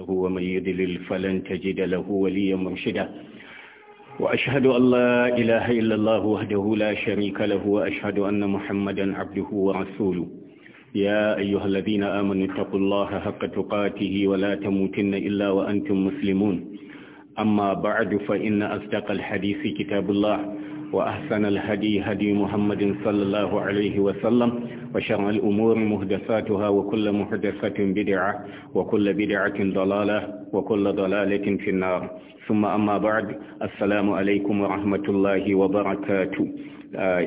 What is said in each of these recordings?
هو من يدلل فلن تجد له وليا مرشدا وأشهد أن لا إله إلا الله وحده لا شريك له وأشهد أن محمدا عبده ورسوله يا أيها الذين آمنوا اتقوا الله حق تقاته ولا تموتن إلا وأنتم مسلمون أما بعد فإن أصدق الحديث كتاب الله وأحسن الهدي هدي محمد صلى الله عليه وسلم وشر الأمور مهدساتها وكل مهدسة بدعة وكل بدعة ضلالة وكل ضلالة في النار ثم أما بعد السلام عليكم ورحمة الله وبركاته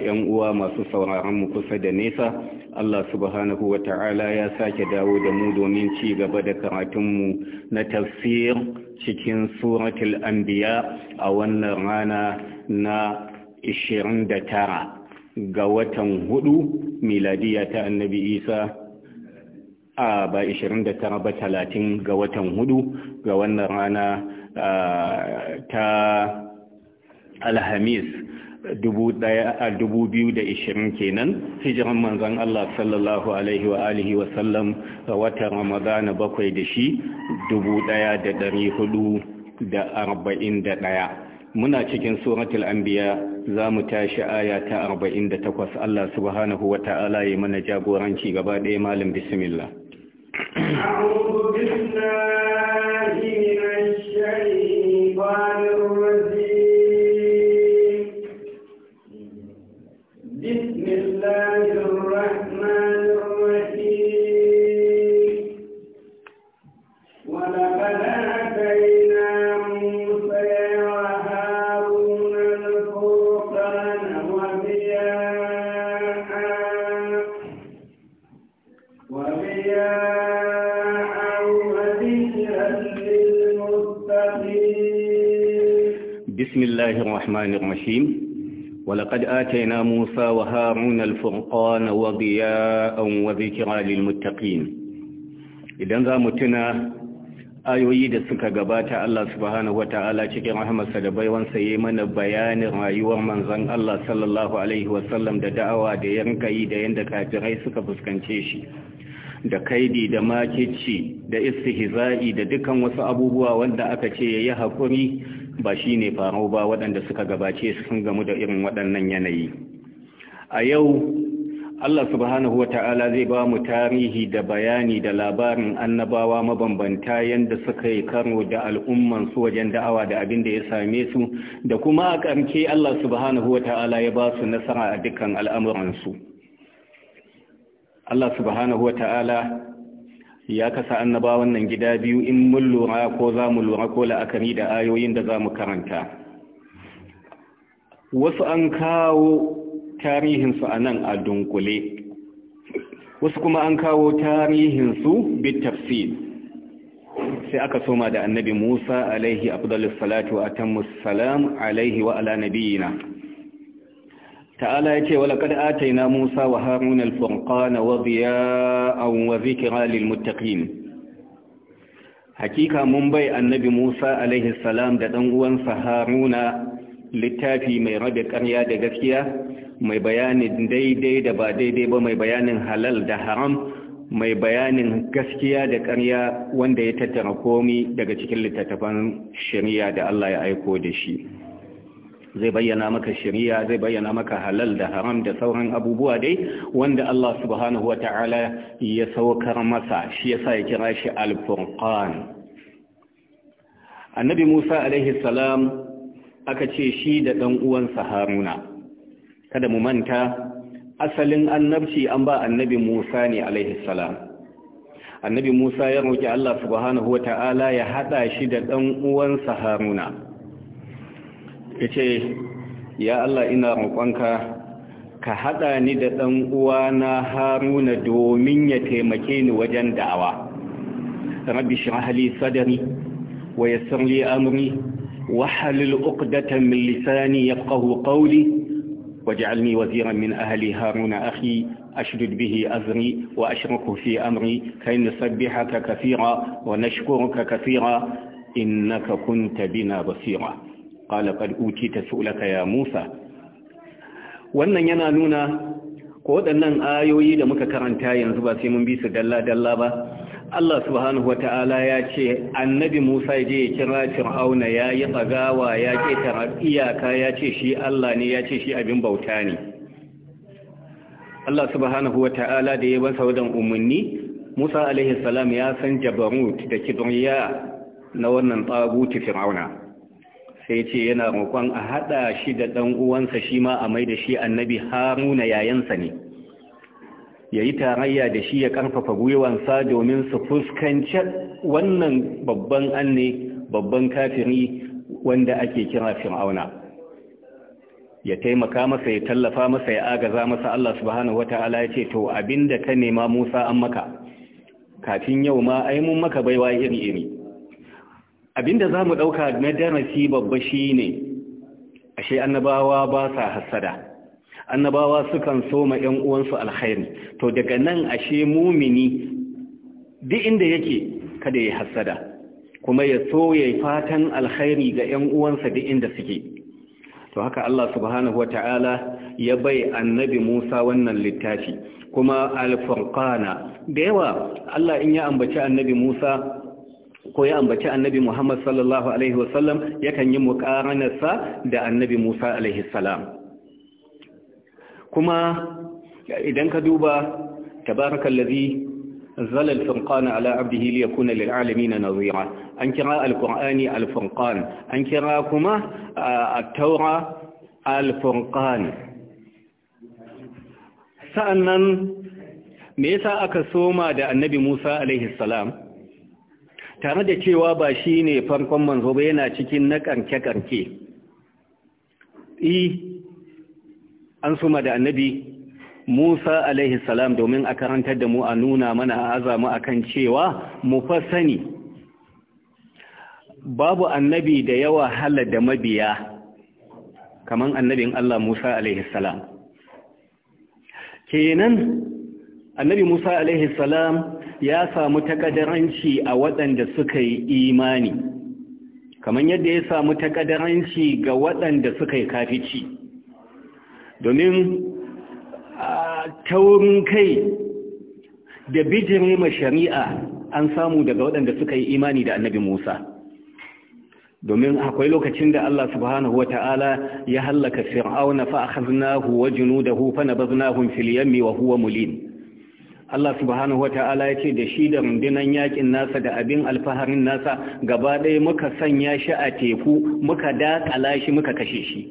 yan uwa masu sauraron kusa da nesa Allah subhanahu wa ta'ala ya sake dawo da mu domin ci gaba da karatunmu na tafsir cikin suratul anbiya a wannan rana na tara ga watan hudu miladiya ta annabi isa a ba 29 ba talatin ga watan hudu ga wannan rana ta alhamis 2020 kenan hijiran manzan Allah sallallahu alaihi wa alihi wa sallam a watan ramadana bakwai da shi 1441 muna cikin suratul anbiya za mu tashi aya ta 48 Allah subhanahu wa ta'ala ya mana jagoranci gaba ɗaya malam bismillah a'udhu بسم الله الرحمن الرحيم ولقد آتينا موسى وهارون الفرقان وضياء وذكرى للمتقين idan za mu tuna ayoyi da suka gabata Allah subhanahu wa ta'ala cikin rahamarsa da baiwansa yi mana bayanin rayuwar manzon Allah sallallahu alaihi wasallam da da'awa da yanka da yanda kafirai suka fuskance shi da kaidi da makici da istihza'i da dukan wasu abubuwa wanda aka ce yayi hakuri ba shi ne farau ba waɗanda suka gabace sun gamu da irin waɗannan yanayi a yau Allah subhanahu wa ta'ala zai ba mu tarihi da bayani da labarin annabawa mabambanta yadda suka yi karo da al'ummansu wajen da'awa da abin da ya same su da kuma a ƙarke Allah subhanahu wa ta'ala ya ba su nasara a dukkan al'amuransu Allah subhanahu wa ta'ala ya kasa annabawan nan gida biyu in mun lura ko za mu lura ko la'akari da ayoyin da za mu karanta wasu an kawo tarihinsu a nan a dunkule wasu kuma an kawo tarihinsu bi tafsir sai aka soma da annabi musa alaihi abdullahi salatu wa atammus salam alaihi wa ala nabiyina ta'ala ya ce wala kad ataina Musa wa Harun al-Furqana wa diya'an wa zikra lil hakika mun bai annabi Musa alaihi da ɗan'uwansa uwansa Haruna littafi mai rabe ƙarya da gaskiya mai bayanin daidai da ba daidai ba mai bayanin halal da haram mai bayanin gaskiya da ƙarya wanda ya tattara komi daga cikin littattafan shari'a da Allah ya aiko da shi zai bayyana maka shari'a zai bayyana maka halal da haram da sauran abubuwa dai wanda Allah subhanahu wata'ala ya saukar masa shi yasa ya kira shi al-furqan annabi Musa alaihi salam aka ce shi da ɗan uwansa Haruna kada mu manta asalin annabci an ba annabi Musa ne alaihi salam annabi Musa ya roki Allah subhanahu wata'ala ya hada shi da ɗan uwansa Haruna ya ce ya Allah ina roƙonka ka haɗa ni da ɗan uwana haruna domin ya taimake ni wajen da'awa rabbi shirahali sadari wa yassir li amri wa halil uqdatan min lisani yafqahu qawli waj'alni waziran min ahli haruna akhi أشدد به أزري وأشرك في أمري كي نسبحك كثيرا ونشكرك كثيرا إنك كنت بنا بصيرا qala qad utita su'laka ya Musa wannan yana nuna ko waɗannan ayoyi da muka karanta yanzu ba sai mun bi su dalla-dalla ba Allah subhanahu wa ya ce annabi Musa ya je ya kira Fir'auna ya yi tsagawa ya ketara iyaka ya ce shi Allah ne ya ce shi abin bauta ne Allah subhanahu wa da ya ba saudan umarni Musa alaihi salam ya san jabarut da kidriya na wannan tsaguti Fir'auna sai ce yana roƙon a haɗa shi da ɗan uwansa shi ma a mai da shi annabi haruna yayansa ne ya yi tarayya da shi ya ƙarfafa gwiwansa domin su fuskanci wannan babban anne babban kafiri wanda ake kira fir'auna ya taimaka masa ya tallafa masa ya agaza masa Allah subhanahu wata'ala ya ce to abinda ka nema Musa an maka kafin yau ma ai mun maka baiwa iri-iri abinda za mu ɗauka na darasi babba shi ne ashe annabawa ba sa hassada annabawa sukan soma ‘yan uwansu alhairi to daga nan ashe mumini duk inda yake kada ya hassada kuma ya so ya fatan alhairi ga ‘yan uwansa duk inda suke to haka Allah subhanahu wa ta'ala ya bai annabi Musa wannan littafi kuma alfarkana da yawa Allah in ya ambaci annabi Musa ko ya ambaci annabi Muhammad sallallahu alaihi wasallam yakan yi muƙaranarsa da annabi Musa alaihi salam kuma idan ka duba tabarakallazi zalal furqana ala abdihi kuna lil na nadhira an kira Al-Ƙur'ani, al alfurqan an kira kuma at-taura Sa'an nan, me yasa aka soma da annabi Musa alaihi salam tare da cewa ba shi ne farkon manzo ba yana cikin na ƙarke-ƙarke i an suma da annabi musa alaihi salam domin a karantar da mu a nuna mana a azamu akan cewa mu fa sani babu annabi da yawa hala da mabiya kamar annabin allah musa alaihi salam kenan annabi musa alaihi salam ya samu takadaranci a waɗanda suka yi imani kamar yadda ya samu takadaranci ga waɗanda suka yi kafici domin taurin kai da bijirai ma shari'a an samu daga waɗanda suka yi imani da annabi Musa domin akwai lokacin da Allah subhanahu wa ta'ala ya hallaka fir'auna fa akhadnahu wa junudahu fa nabaznahum fil yammi wa huwa mulim Allah subhanahu wata'ala ya ce da shi da rundunan yakin nasa da abin alfaharin nasa gaba ɗaya muka sanya shi a teku muka dakala shi muka kashe shi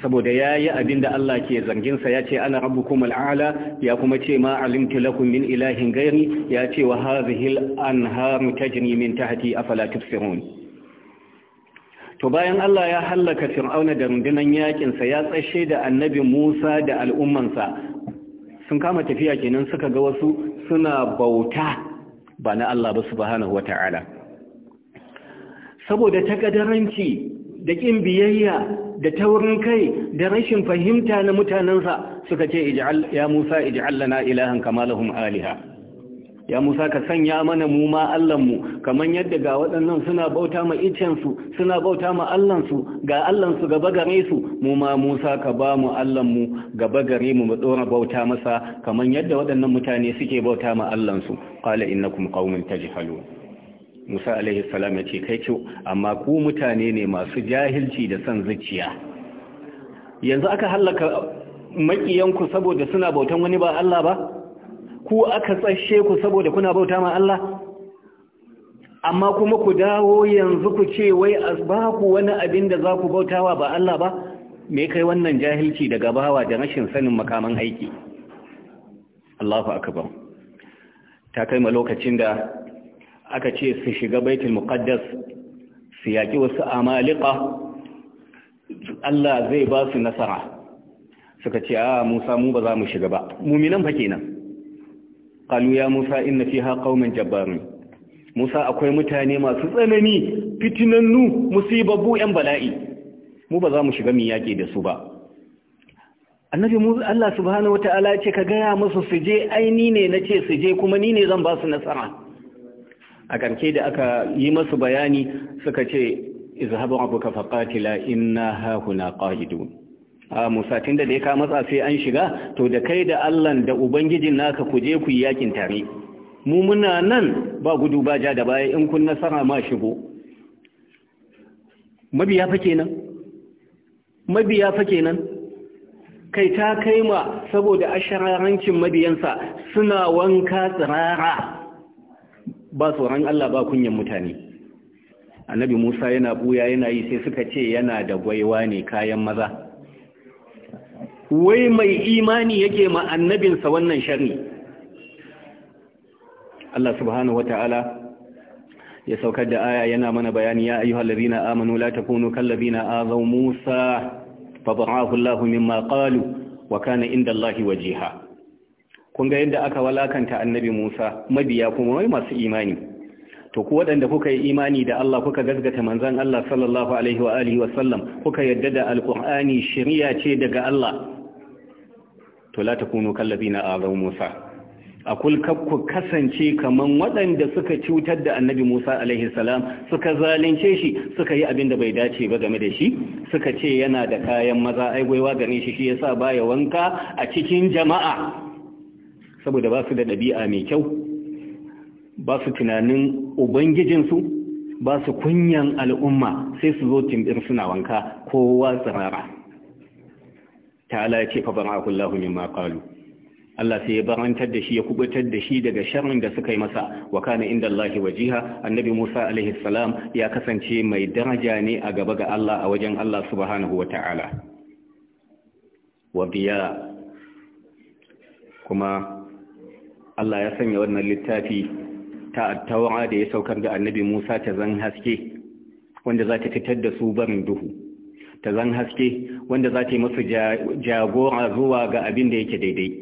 saboda ya yi abin da Allah ke zarginsa ya ce ana kuma al'ala ya kuma ce ma alimtu lakum min ilahin gairi ya ce wa hazihil ta tajri min tahti afala tubsirun to bayan Allah ya hallaka fir'auna da rundunan yakinsa ya tsashe da annabi Musa da al'ummansa sun kama tafiya kenan suka ga wasu suna bauta ba na Allah ba subhanahu wata'ala saboda takadaranci da kin biyayya da taurin kai da rashin fahimta na mutanensa suka ce ya Musa ij'al lana ilahan kama lahum aliha ya musa ka sanya mana mu ma mu? kamar yadda ga waɗannan suna bauta ma icensu suna bauta ma allansu ga allansu gaba gare su mu ma musa ka ba mu allanmu gaba gare mu mu dora bauta masa kamar yadda waɗannan mutane suke bauta ma allansu qala innakum qaumun tajhalun musa alaihi salam ya ce kai ce amma ku mutane ne masu jahilci da san zuciya yanzu aka hallaka makiyanku saboda suna bautan wani ba Allah ba ku aka tsashe ku saboda kuna bauta ma Allah amma kuma ku dawo yanzu ku ce wai ba wani abin da za ku bautawa ba Allah ba me kai wannan jahilci daga bawa da rashin sanin makaman aiki Allahu akbar ta kai ma lokacin da aka ce su shiga baitul muqaddas su yaki wasu amalika Allah zai ba su nasara suka ce a ah, Musa mu ba za mu shiga ba muminan fa kenan qalu ya musa inna fiha qauman jabbarun musa akwai mutane masu tsanani fitinannu musibabbu yan bala'i mu ba za mu shiga mi yake da su ba annabi musa Allah subhanahu wataala ce ka gaya musu su je aini ne nace su je kuma ni ne zan ba su nasara a ƙarke da aka yi masu bayani suka ce izhabu abuka faqatila inna hahuna qa'idun a musatin da ya ka matsa sai an shiga to da kai da allah da ubangijin naka ku je ku yi yakin tare mu muna nan ba gudu ba ja da baya in kun nasara ma shigo mabiya fa kenan mabiya fa kenan kai ta ma saboda asharancin mabiyansa suna wanka tsirara ba tsoron Allah ba kunyan mutane annabi Musa yana buya yana yi sai suka ce yana da gwaiwa ne kayan maza wai mai imani yake ma annabinsa wannan sharri Allah subhanahu wata'ala ya saukar da aya yana mana bayani ya ayyuhal ladina amanu la takunu kal ladina azaw Musa fadha'ahu Allahu mimma qalu wa kana inda wajiha kun ga yadda aka walakanta annabi Musa mabiya kuma mai masu imani to ku kuka yi imani da Allah kuka gaskata manzon Allah sallallahu alaihi wa alihi wa sallam kuka yadda da alqur'ani shari'a ce daga Allah to la takunu kallazina azaw Musa akul ku kasance kaman waɗanda suka cutar da annabi Musa alaihi salam suka zalunce shi suka yi abin da bai dace ba game da shi suka ce yana da kayan maza ai gwaiwa gare shi shi yasa ya wanka a cikin jama'a saboda ba su da ɗabi'a mai kyau ba su tunanin ubangijinsu ba su kunyan al'umma sai su zo timbir suna wanka kowa tsirara ta'ala ya ce fa bara'ahu Allahu mimma Maƙalu. Allah sai ya barantar da shi ya kubutar da shi daga sharrin da suka yi masa wa kana inda Allahi wajiha annabi Musa alaihi salam ya kasance mai daraja ne a gaba ga Allah a wajen Allah subhanahu wa ta'ala wa biya kuma Allah ya sanya wannan littafi ta taura da ya saukar ga annabi Musa ta zan haske wanda za ta fitar da su barin duhu ta zan haske wanda za ta yi masu jagora zuwa ga abin da yake daidai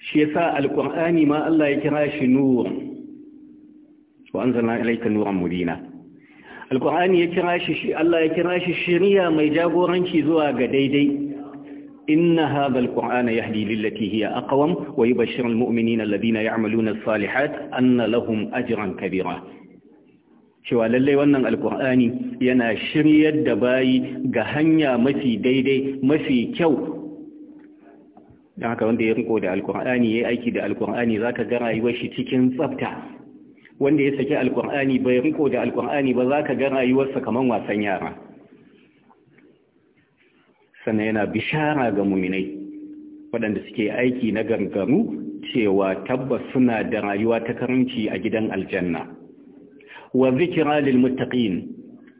shi sa alƙur'ani ma Allah ya kira shi nur wa anzalna ilayka nuran mubina alkur'ani ya kira shi Allah ya kira shi shirya mai jagoranci zuwa ga daidai inna hadha alqur'ana yahdi lillati hiya aqwam wa yubashshiru almu'minina alladhina ya'maluna as-salihati anna lahum ajran kabira cewa lallai wannan alkur'ani yana shiryar da bayi ga hanya mafi daidai mafi kyau don haka wanda ya riko da alkur'ani ya aiki da alkur'ani za ka ga yi washi cikin tsafta wanda ya saki alkur'ani bai riko da alkur'ani ba za ka ga rayuwarsa kamar wasan yara sannan yana bishara ga muminai waɗanda suke aiki na gangaru cewa tabbas suna da rayuwa ta karanci a gidan aljanna wa zikira lil muttaqin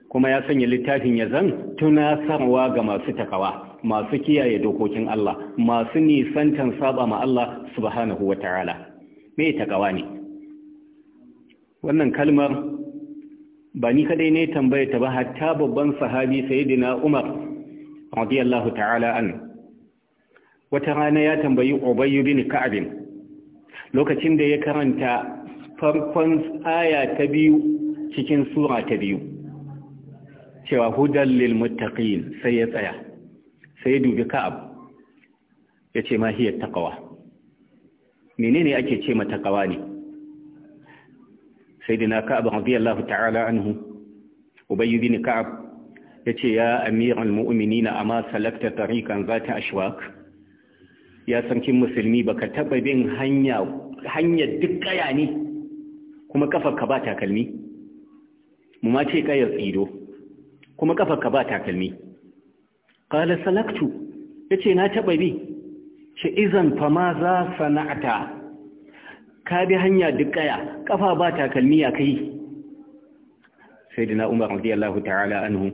kuma ya sanya littafin ya zan tunasarwa ga masu takawa masu kiyaye dokokin Allah masu nisantan saba ma Allah subhanahu wataala me takawa ne wannan kalmar ba ni kadai ne tambaye ta ba hatta babban sahabi sayyidina Umar radiyallahu ta'ala an wata rana ya tambayi Ubay bin Ka'ab lokacin da ya karanta farkon aya ta biyu cikin sura ta biyu cewa hudan lil muttaqin sai ya tsaya sai dubi ka'ab yace ma hiya taqwa menene ake ce mata taqwa ne sayyidina ka'ab radiyallahu ta'ala anhu ubayy bin ka'ab yace ya amirul mu'minina amma salakta tariqan zata ashwak ya sankin musulmi baka taba bin hanya hanyar duk kaya ne kuma kafar ka ba takalmi mu ma ce kayar tsido kuma kafar ka ba takalmi qala salaktu yace na taba bi shi izan fa ma za sana'ata ka bi hanya duk kafa ba takalmi ya kai sayyidina umar radiyallahu ta'ala anhu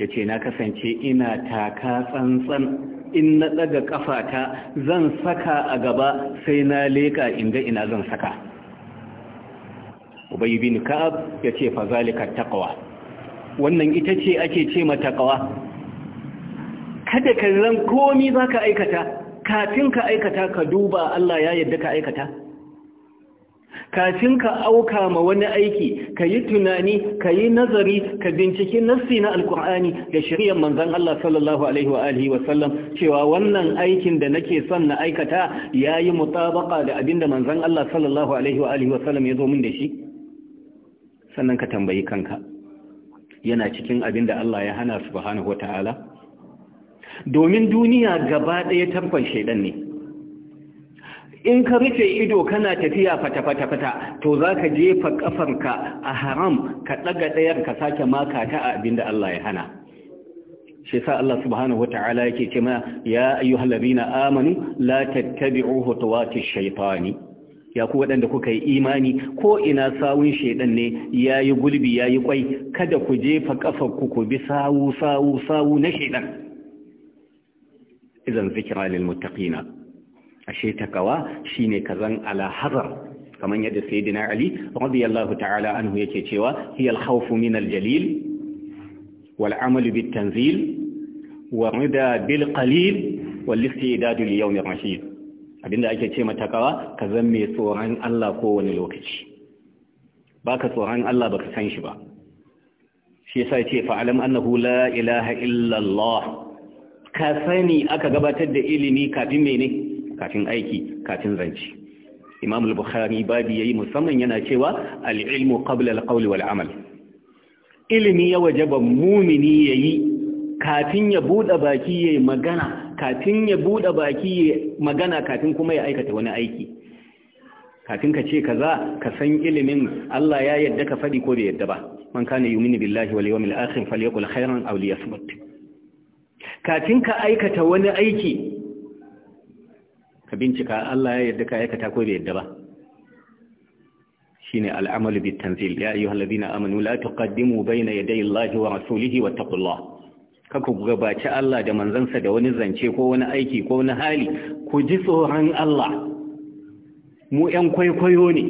yace na kasance ina taka tsantsan in na daga kafata zan saka a gaba sai na leka inda ina zan saka ubayy bin ka'ab yace fa zalika taqwa wannan ita ce ake ce mata taqwa kada ka zan komi zaka aikata kafin ka aikata ka duba Allah ya yadda ka aikata kafin ka auka ma wani aiki ka yi tunani ka yi nazari ka binciki nassi na alkur'ani da shari'ar manzan Allah sallallahu alaihi wa alihi wa sallam cewa wannan aikin da nake son na aikata yayi mutabaka da abinda manzan Allah sallallahu alaihi wa alihi wa sallam ya zo min da shi sannan ka tambayi kanka yana cikin abin da Allah ya hana subhanahu wata'ala domin duniya gaba ɗaya tamfan shaidan ne in ka rufe ido kana tafiya fata-fata-fata to za ka jefa ƙafarka a haram ka ɗaga ɗayar ka sake maka ta abin da Allah ya hana shi sa Allah subhanahu ta'ala yake ce ma ya na amanu la tattabi'u khutuwatish shaytani ya ku waɗanda kuka yi imani ko ina sawun shaidan ne ya yi gulbi ya yi kwai kada ku jefa ƙafarku ku bi sawu sawu sawu na shaidan idan zikira lil muttaqina ashe takawa shine kazan ala hazar kamar yadda sayyidina ali radiyallahu ta'ala anhu yake cewa hiya al khawf min al jalil wal amal bit tanzil wa rida bil qalil wal istidad li yawm rashid abinda ake ce matakawa ka zan mai tsoron Allah kowane lokaci ba ka tsoron Allah ba ka san shi ba shi ya ce fa'alam annahu la ilaha illallah ka sani aka gabatar da ilimi kafin mene kafin aiki kafin zance imam al-bukhari babi yayi musamman yana cewa al-ilmu qabla al-qawli wal amal ilimi ya wajaba mumini yayi kafin ya bude baki yayi magana kafin ya bude baki ya magana kafin kuma ya aikata wani aiki kafin ka ce kaza ka san ilimin Allah ya yadda ka faɗi ko bai yadda ba man kana yuminu billahi wal yawmil akhir falyaqul khairan aw liyasmut kafin ka aikata wani aiki ka bincika Allah ya yadda ka aikata ko bai yadda ba shine al'amalu bit tanzil ya ayyuhallazina amanu la tuqaddimu bayna yadayi Allahi wa rasulihi wattaqullah ka ku gabaci Allah da manzansa da wani zance ko wani aiki ko wani hali ku ji tsoron Allah mu ‘yan kwaikwayo ne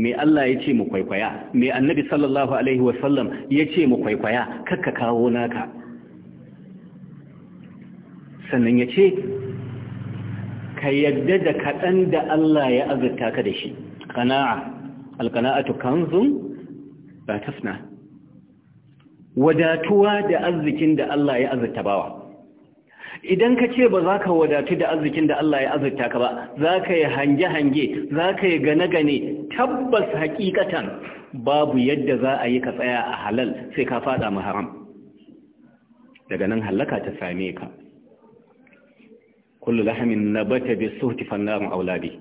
me Allah ya ce mu kwaikwaya me annabi sallallahu alaihi wasallam ya ce mu kwaikwaya kakka kawo naka sannan ya ce ka yadda da kaɗan da Allah ya azurta ka da shi ƙana'a alƙana'atu kanzun ba tafna wadatuwa da arzikin da Allah ya azurta bawa idan ka ce ba za ka wadatu da arzikin da Allah ya azurta ka ba za ka yi hange-hange za ka yi gane-gane tabbas hakikatan babu yadda za a yi ka tsaya a halal sai ka fada mu haram daga nan hallaka ta same ka kullu lahamin bata bi suhti fannarun auladi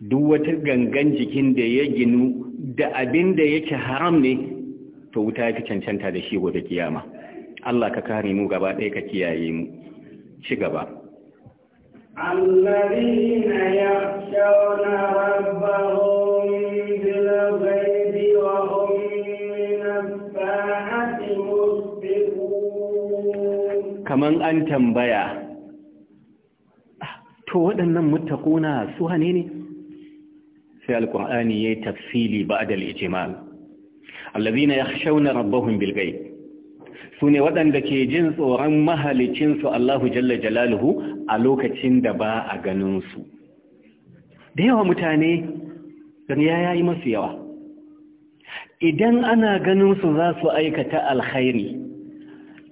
duk wata gangan jikin da ya ginu da abin da yake haram ne to wuta ya fi cancanta da shi gobe kiyama Allah ka kare mu gaba ɗaya ka kiyaye mu ci gaba الذين يخشون ربهم to waɗannan mutakuna su hane ne sai alƙur'ani ya yi tafsili ba da ijmal allazina yakhshawna rabbahum bil ghaib sune waɗanda ke jin tsoron mahalicin su Allahu jalla jalaluhu a lokacin da ba a ganin su da yawa mutane ganiya yayi masu yawa idan ana ganin su za su aikata alkhairi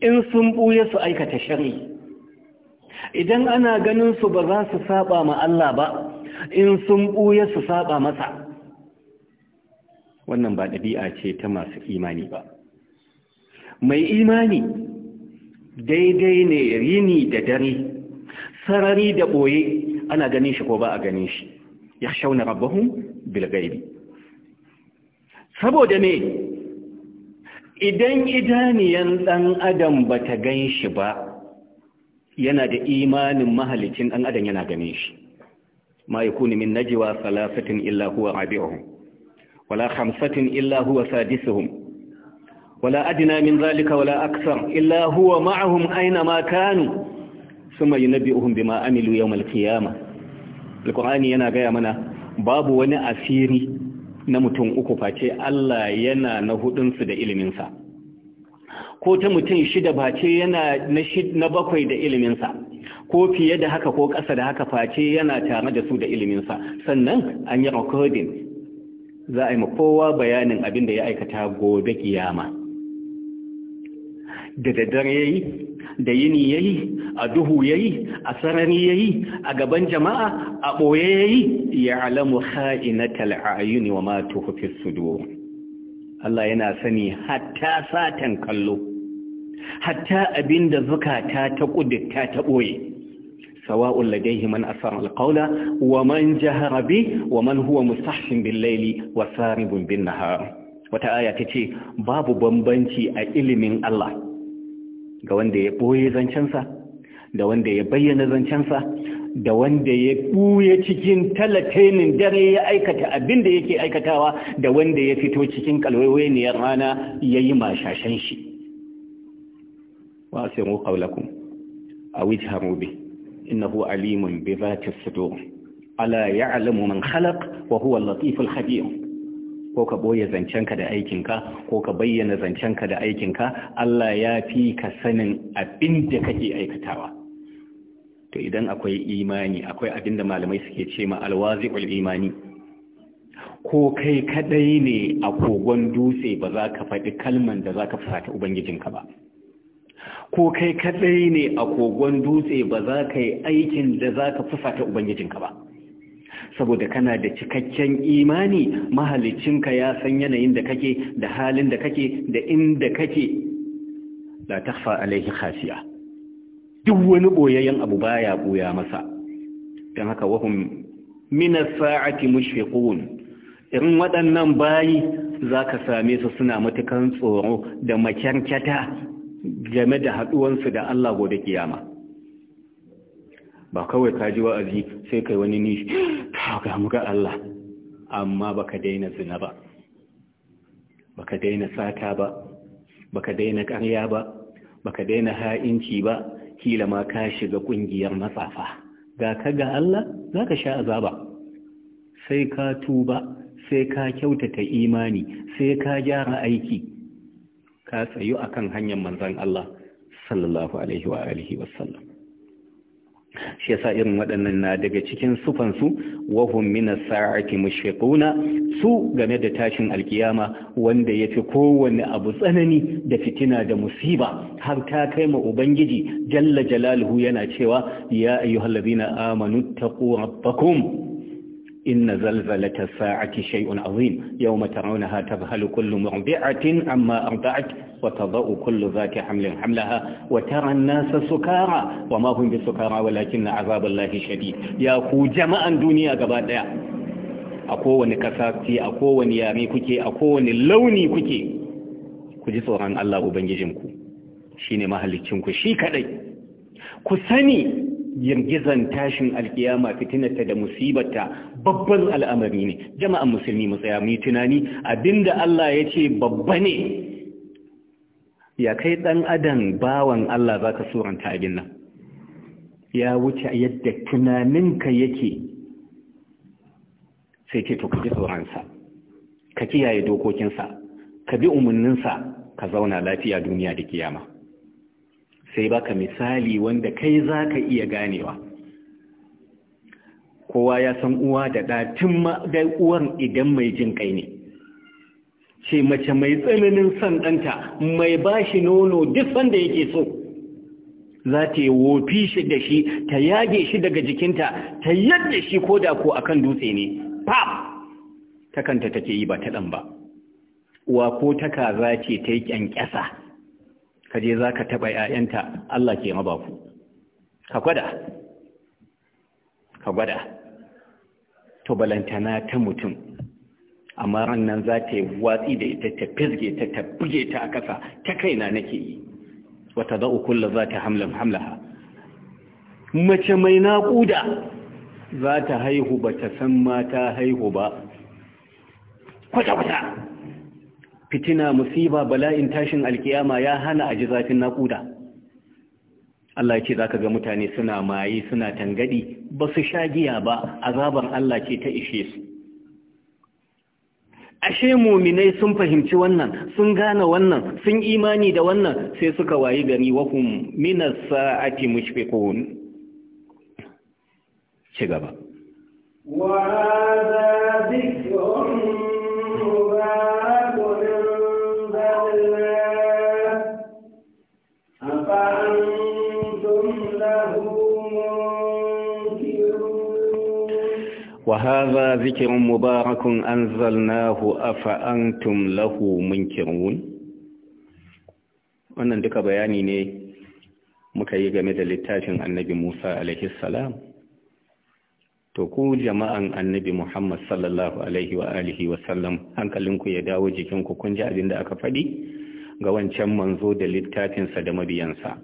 in sun buye su aikata shari idan ana ganin su ba za su saba ma Allah ba in sun buye su saba masa wannan ba ɗabi'a ce ta masu imani ba mai imani daidai ne rini da dare sarari da ɓoye ana ganin shi ko ba a ganin shi ya shauna rabbahun bilgari saboda ne idan idaniyan ɗan adam ba ta gan shi ba yana da imanin mahalicin ɗan adam yana ganin shi ma yi kuni min najewa salafatin illa huwa ولا خمسة إلا هو سادسهم ولا أدنى من ذلك ولا أكثر إلا هو معهم أينما كانوا ثم ينبئهم بما أملوا يوم القيامة القرآن ينا gaya منا باب ونا أسيري na mutum uku face Allah yana na hudunsu da ko ta mutum shida face yana na bakwai da iliminsa ko fiye da haka ko ƙasa da haka face yana tare da su da iliminsa sannan an yi recording za a yi kowa bayanin abin da ya aikata gobe kiyama da daddare yayi da yini yayi a duhu yayi a sarari yayi a gaban jama'a a boye yayi ya'lamu kha'inatal a'yun wa ma su duwo Allah yana sani hatta satan kallo hatta abin da zukata ta kudurta ta ɓoye. سواء لديه من أسر القول ومن جهر به ومن هو مستحسن بالليل وسارب بالنهار babu bambanci a ilimin Allah ga wanda ya ɓoye zancensa da wanda ya bayyana zancensa da wanda ya ɓuye cikin talatainin dare ya aikata abin da yake aikatawa da wanda ya fito cikin kalwaiwainiyar rana ya yi mashashen shi wa sai mu kaulakun a wuce hamobe إنه عليم بذات الصدور ألا يعلم من خلق وهو اللطيف الخبير ko ka boye zancenka da aikinka ko ka bayyana zancenka da aikinka Allah ya fi ka sanin abin da kake aikatawa to idan akwai imani akwai abin da malamai suke ce ma alwazi'ul imani ko kai kadai ne a kogon dutse ba za ka faɗi kalman da za ka fusata ubangijinka ba ko kai kadai ne a kogon dutse ba za ka yi aikin da za ka fusata ubangijinka ba saboda kana da cikakken imani mahalicinka ya san yanayin da kake da halin da kake da inda kake ta fa alaihi khasiya duk wani boyayyen abu baya buya masa don haka wahum min as-sa'ati mushfiqun irin waɗannan bayi ka same su suna matukan tsoro da makyarkyata game da haduwansu da Allah gobe kiyama ba kawai ka ji wa'azi sai kai wani nishi ga Allah amma baka daina zina ba baka daina sata ba baka daina ƙarya ba baka daina ha'inci ba kila ma ka shiga ƙungiyar matsafa ga ka ga Allah za ka sha azaba sai ka tuba sai ka kyautata imani sai ka gyara aiki ka tsayu kan hanyar manzon Allah sallallahu alaihi wa alihi wasallam shi yasa irin waɗannan na daga cikin sufansu wahum mina sa'ati mushfiquna su game da tashin alkiyama wanda yafi kowanne abu tsanani da fitina da musiba har ta kai ma ubangiji jalla jalaluhu yana cewa ya ayyuhallazina amanu taqu rabbakum inna zalzalata sa'ati shay'un azim yawma tarawunaha tabhalu kullu murbi'atin amma arda'at wa tadau kullu dhati hamlin hamlaha wa tara an-nasa sukara wa ma hum bisukara walakin 'adhaballahi shadid ya ku jama'an duniya gaba ɗaya? a kowane kasafi a kowane yare kuke a kowane launi kuke ku ji tsoron Allah ubangijinku shine mahallicin ku shi kadai ku sani girgizan tashin alkiyama fitinarta da musibarta babban al'amari ne jama'an musulmi mu tsaya mu tunani abinda Allah ya ce babba ne ya kai dan adam bawan Allah zaka suranta abin nan ya wuce yadda tunaninka yake sai ce to ka ji tsoronsa ka kiyaye dokokinsa ka bi umarninsa ka zauna lafiya duniya da kiyama sai baka misali wanda kai za ka iya ganewa kowa ya san uwa da ɗatin dai uwan idan mai jin kai ne ce mace mai tsananin son ɗanta mai bashi nono duk sanda yake so za ta yi wofi shi da shi ta yage shi daga jikinta ta yadda shi ko da ko akan dutse ne pap ta kanta take yi ba ta ɗan ba uwa ko ta kaza ce ta yi ƙyanƙyasa ka je za ka taɓa ‘ya'yanta Allah ke mabaku ka gwada ka gwada to balantana ta mutum amma ran nan za ta yi watsi da ita ta fizge ta ta buge ta a ƙasa ta kaina nake yi wata za'u kulla za ta hamla hamlaha mace mai naƙuda za ta haihu ba ta san mata haihu ba kwata-kwata fitina musiba bala'in tashin alkiyama ya hana a ji zafin naƙuda Allah ce za ka ga mutane suna maye suna tangadi ba su sha giya ba azabar Allah ce ta ishe su ashe muminai sun fahimci wannan sun gane wannan sun imani da wannan sai suka wayi gari wahum minas sa'ati mushfiqun ci gaba wa hadha dhikrun وهذا ذكر مبارك أنزلناه أفأنتم له منكرون wannan duka bayani ne muka yi game da littafin annabi Musa alaihi salam to ku jama'an annabi Muhammad sallallahu alaihi wa alihi wa sallam hankalinku ya dawo jikinku kun ji abinda aka faɗi ga wancan manzo da littafinsa da mabiyansa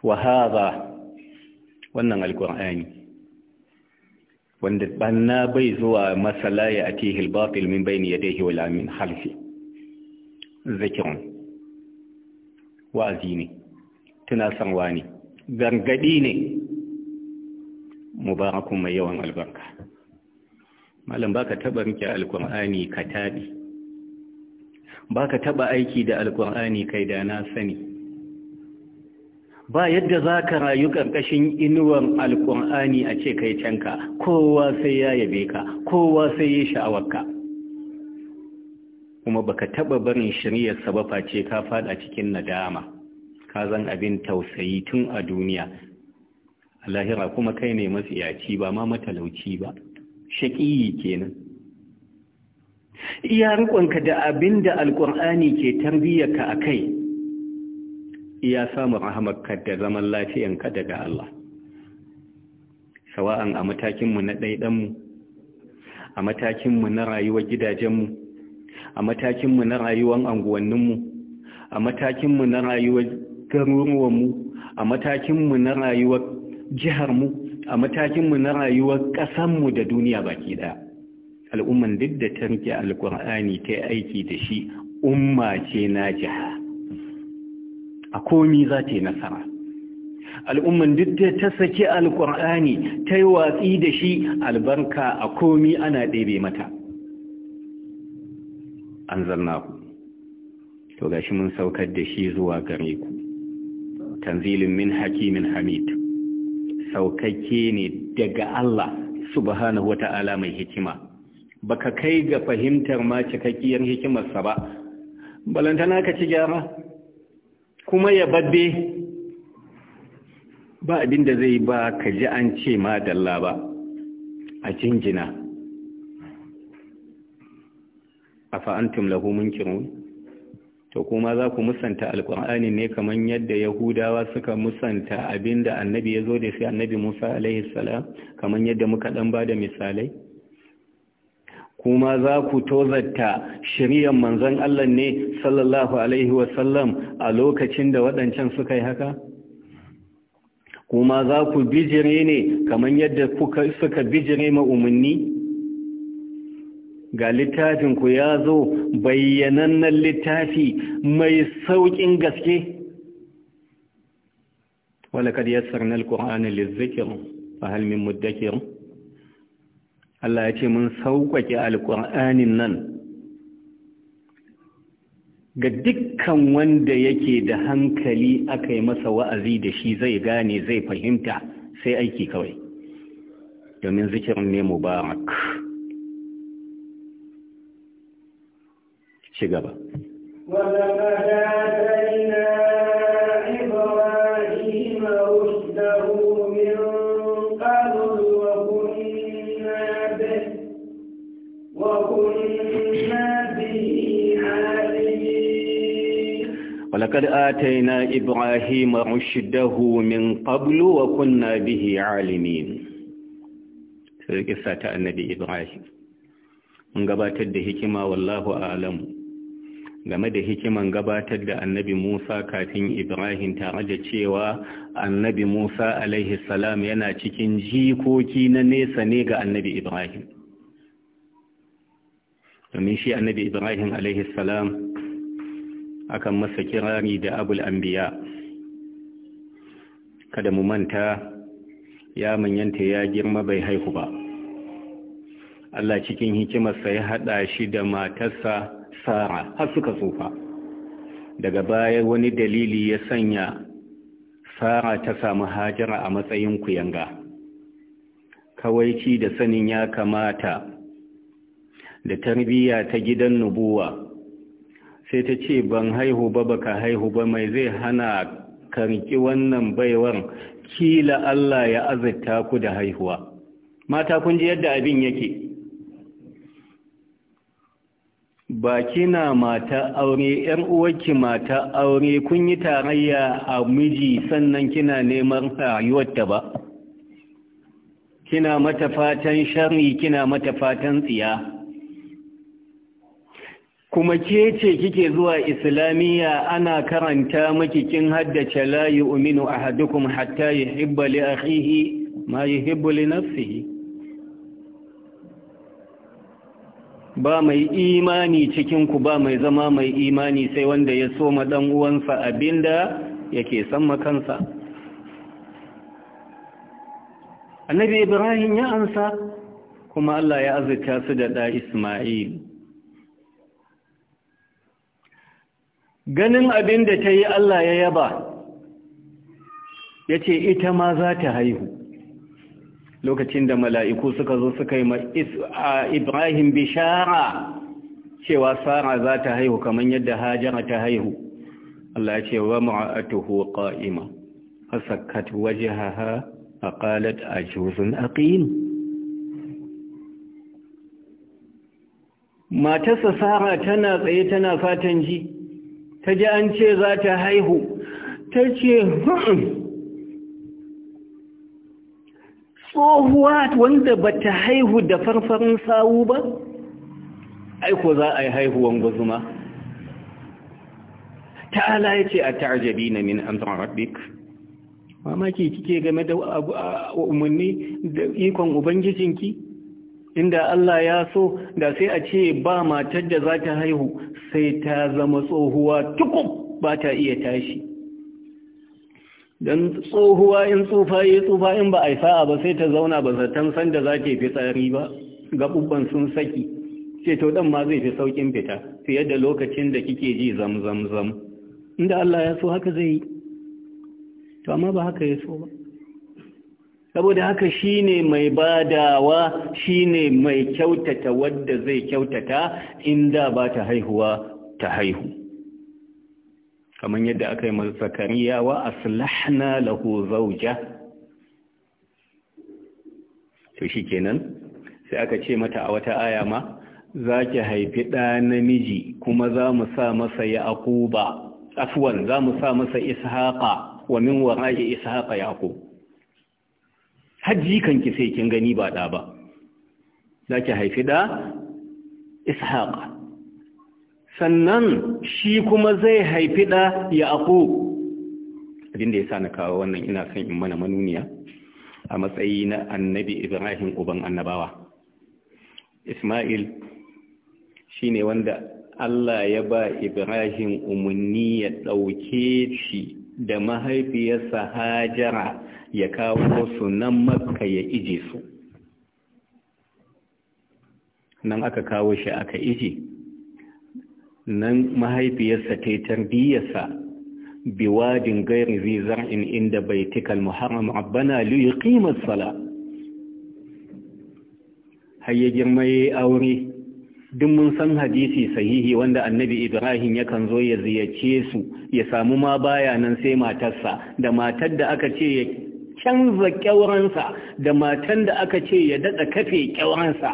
wa hadha wannan alqur'ani wanda banna bai zuwa masala ya ati bai min ya ya wala min halfi Zakirun. wa'azi ne Tuna sanwa ne Gangadi ne mubarakun mai yawan albarka malam baka taba rike alkur'ani ka taɗi baka taɓa aiki da alkur'ani kai da na sani ba yadda za ka rayu ƙarƙashin inuwan alƙur'ani a ce kai canka kowa sai ya yabe ka kowa sai ya sha'awarka kuma baka taɓa barin shirya sabafa ce ka faɗa cikin nadama ka zan abin tausayi tun a duniya lahira kuma kai ne matsiyaci ba ma matalauci ba shaƙiyi kenan iya riƙonka da abin da alƙur'ani ke tarbiyyarka a kai iya samun rahamarka da zaman lafiyanka daga Allah sawa'an a matakinmu na ɗaiɗanmu a matakinmu na rayuwar gidajenmu a matakinmu na rayuwar anguwanninmu a matakinmu na rayuwar garuruwanmu a matakinmu na rayuwar jiharmu a matakinmu na rayuwar ƙasanmu da duniya baki ɗaya al'umman duk da ta rike alƙur'ani ta aiki da shi umma ce na jiha a komi za ta yi nasara al'umman duk da ta saki alƙur'ani ta yi watsi da shi albarka a komi ana ɗebe mata an zanna ku to ga mun saukar da shi zuwa gare ku tanzilin min min hamid Saukake ne daga Allah subhanahu wa ta'ala mai hikima baka kai ga fahimtar ma cikakkiyar hikimarsa ba balantana ka ci gyara kuma babbe ba abin da zai ba ka ji an ce madalla ba a jinjina a fa'antum lahu munkirun to kuma za ku musanta alƙur'ani ne kamar yadda yahudawa suka musanta abin da annabi ya zo da sai annabi musa alaihi salam kamar yadda muka ɗan ba da misalai kuma za ku tozarta shiriyar manzan Allah ne sallallahu alaihi wasallam a lokacin da waɗancan suka yi haka kuma za ku bijire ne kamar yadda suka bijire ma umarni ga littafinku ya zo bayyanannen littafi mai sauƙin gaske walakar yassar na alƙur'ani lizzikin a halmin muddakir Allah ya ce mun sauƙaƙe alƙur'anin nan ga dukkan wanda yake da hankali aka yi masa wa'azi da shi zai gane zai fahimta sai aiki kawai domin zikirin ne mubarak ci gaba na. لقد آتينا إبراهيم رشده من قبل وكنا به عالمين قصة النبي إبراهيم من gabatar da hikima والله أعلم game da hikiman gabatar da annabi Musa kafin Ibrahim tare da cewa annabi Musa alaihi salam yana cikin jikoki na nesa ne ga annabi Ibrahim domin shi annabi Ibrahim alaihi salam akan masa kirari da abul anbiya kada mu manta ya manyanta ya girma bai haihu ba Allah cikin hikimarsa ya haɗa shi da matarsa Sara har suka tsufa daga baya wani dalili ya sanya Sara ta samu hajara a matsayin kuyanga kawaici da sanin ya kamata da tarbiyya ta gidan nubuwa sai ta ce ban haihu ba ba ka haihu ba mai zai hana karki wannan baiwar kila Allah ya azurta ku da haihuwa mata kun ji yadda abin yake ba kina mata aure yar uwarki mata aure kun yi tarayya a miji sannan kina neman rayuwarta ba kina mata fatan shari kina mata fatan tsiya kuma ke ce kike zuwa islamiyya ana karanta maki kin haddace la yu'minu ahadukum hatta yuhibba li akhihi ma yuhibbu li nafsihi ba mai imani cikin ku ba mai zama mai imani sai wanda ya soma dan uwansa abinda yake san kansa annabi ibrahim ya ansa kuma Allah ya azurta su da da Isma'il ganin abin da ta yi Allah ya yaba ya ce ita ma za ta haihu lokacin da mala'iku suka zo suka yi Ibrahim bishara cewa Sara za ta haihu kamar yadda Hajara ta haihu Allah ce wa ma'atuhu qa'ima fasakat ƙalat a cikin aqim matarsa Sara tana tsaye tana fatan ji ta ji an ce za ta haihu ta ce hmm, tsohuwa wanda ba ta haihu da farfarin sawu ba aiko za a yi haihuwan guzuma. ta'ala ya ce a ta'ajabi na min amsar rabbik mamaki kike game da umarni da ikon ubangijinki inda Allah ya so da sai a ce ba matar da za ta haihu sai ta zama tsohuwa tukub ba ta iya tashi don tsohuwa in tsufa yi tsufa in ba a yi sa'a ba sai ta zauna ba zaton san da za ke fi tsari ba gaɓuɓɓan sun saki ce to ɗan ma zai fi sauƙin fita fiye da lokacin da kike ji zam zam zam inda Allah ya so haka zai yi to amma ba haka ya so ba saboda haka shine mai badawa shine mai kyautata wadda zai kyautata inda ba ta haihuwa ta haihu kamar yadda aka yi masa zakariya wa aslahna lahu zauja to shikenan sai aka ce mata a wata aya ma zaki haifi ɗa namiji kuma za mu sa masa yaquba afwan za mu sa masa ishaqa wa min wara'i ishaqa yaqub hajji kan ki sai kin gani ba da ba za ki haifi da ishaq sannan shi kuma zai haifi da yaqub abin da ya na kawo wannan ina son in mana manuniya a matsayi na annabi ibrahim uban annabawa ismail shine wanda allah ya ba ibrahim umarni ya ɗauke shi da mahaifiyarsa hajara ya kawo su nan makka ya ije su nan aka kawo shi aka ije nan mahaifiyarsa ta yi tarbiyyarsa biwadin gairi zizar in inda bai tikal muharram abana liyu ƙimar sala har ya girma ya aure duk mun san hadisi sahihi wanda annabi ibrahim yakan zo ya ziyarce su ya samu ma baya nan sai matarsa da matar da aka ce ya canza kyauransa da matan da aka ce ya daɗa kafe kyauransa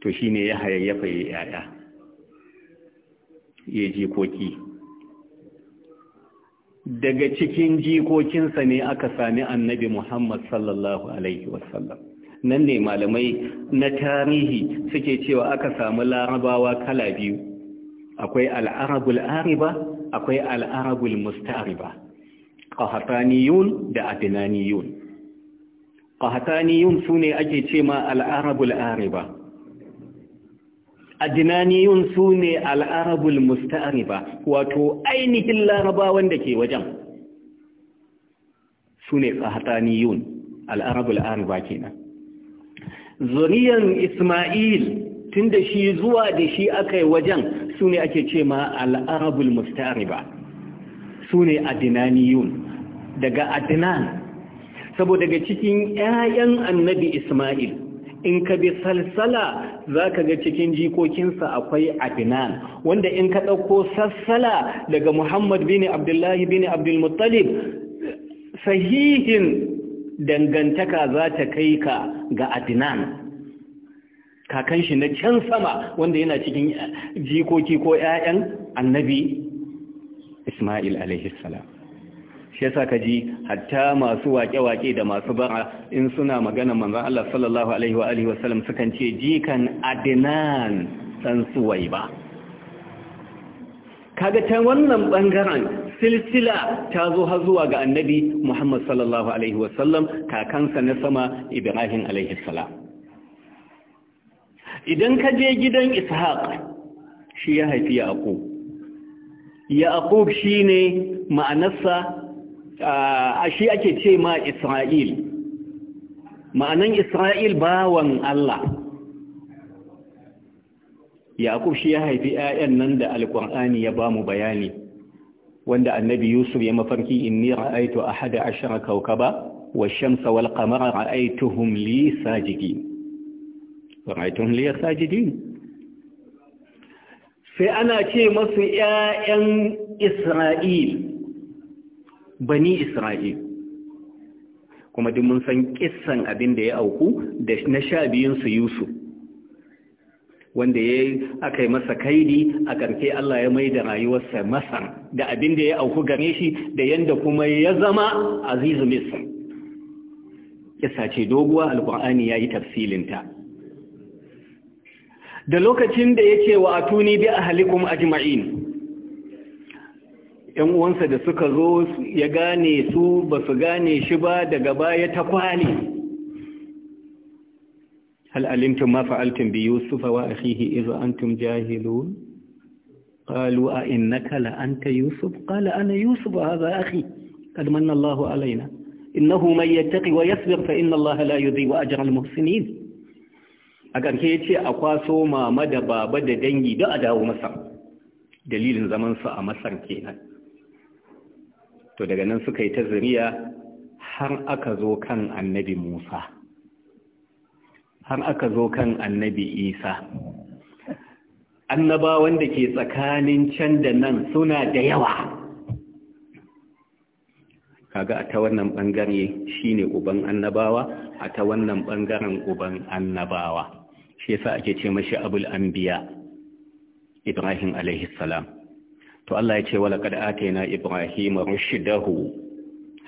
to shi ne ya hayayyafa ya yaya ya jikoki daga cikin jikokinsa ne aka sami annabi muhammad sallallahu alaihi wasallam nan ne malamai na tarihi suke cewa aka samu larabawa kala biyu akwai al'arabul ariba akwai al'arabul musta'ariba qahataniyun da adnaniyun qahataniyun sune ake ce ma al'arabul ariba adnaniyun sune al'arabul musta'ariba wato ainihin larabawan da ke wajen su ne tsahataniyun al'arabul ariba kenan zuriyan Ismail tun da shi zuwa da shi aka yi wajen su ne ake ce ma al'arabul mustariba su ne adinaniyun daga adinan saboda daga cikin 'ya'yan annabi Ismail in ka bi salsala za ka ga cikin jikokinsa akwai adinan wanda in ka ɗauko sassala daga Muhammad bin Abdullahi bin Abdulmuttalib sahihin dangantaka za ta kai ka ga adnan kakan shi na can sama wanda yana cikin eh, jikoki ko 'ya'yan annabi ismail alaihissalam shi yasa ka ji hatta masu waƙe-waƙe da masu bara in suna magana manzan Allah sallallahu alaihi wasallam sukan ce jikan adinan san suwai ba kaga ta wannan bangaren silsila ta zo har zuwa ga annabi Muhammad sallallahu alaihi wasallam kakansa na sama Ibrahim alaihi salam idan ka je gidan Ishaq shi ya haifi Yaqub Yaqub shine ma'anarsa a shi ake ce ma Isra'il ma'anan Isra'il bawan Allah Yaqub shi ya haifi ƴaƴan nan da Alƙur'ani ya bamu bayani wanda annabi yusuf ya mafarki inni ra'aitu ahada ashara kawkaba wash-shamsa wal-qamara ra'aituhum li sajidin ra'aituhum li sajidin sai ana ce masu ƴaƴan Isra'il bani Isra'il kuma duk mun san kissan abin da ya auku da na sha biyun su Yusuf wanda ya aka yi masa kaidi a ƙarfe Allah ya mai da rayuwarsa masar da abin da ya auku gare shi da yadda kuma ya zama azizu misar kisa ce doguwa Alkur'ani ya yi tafsilinta da lokacin da ya ce wa atuni bi a ajma'in ‘yan uwansa da suka zo ya gane su ba su gane shi ba daga baya ta kwale هل علمتم ما فعلتم بيوسف وأخيه إذا أنتم جاهلون قالوا أئنك لأنت يوسف قال أنا يوسف هذا أخي قد من الله علينا إنه من يتقي ويصبر فإن الله لا يضيع أجر المحسنين a ƙarshe ya ce a kwaso mama da baba da dangi da a dawo masar dalilin zamansu a masar kenan to daga nan suka yi ta zuriya har aka zo kan annabi musa har aka zo kan annabi isa annabawan wanda ke tsakanin can da nan suna da yawa kaga a ta wannan bangare shine uban annabawa a ta wannan bangaren uban annabawa shi yasa ake ce mashi abul anbiya ibrahim alaihi salam to Allah ya ce wala qad atayna ibrahima rushdahu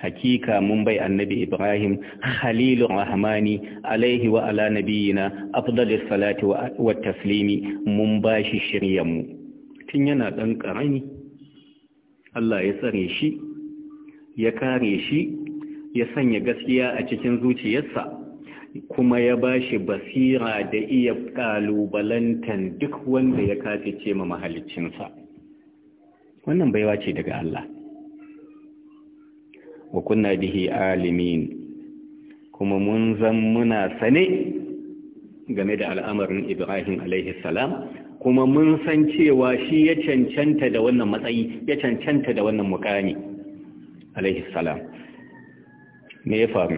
hakika mun bai annabi Ibrahim Khalilur Rahmani alaihi wa ala nabiyina afdalus salati wa taslimi mun bashi shiryan mu tun yana dan karami Allah ya tsare shi ya kare shi ya sanya gaskiya a cikin zuciyarsa kuma ya bashi basira da iya kalubalantan duk wanda ya kafice ma mahaliccinsa wannan baiwa ce daga Allah wa kunna bihi alimin kuma mun zan muna sane game da al'amarin Ibrahim alaihi salam kuma mun san cewa shi ya cancanta da wannan matsayi ya cancanta da wannan mukami alaihi salam me ya faru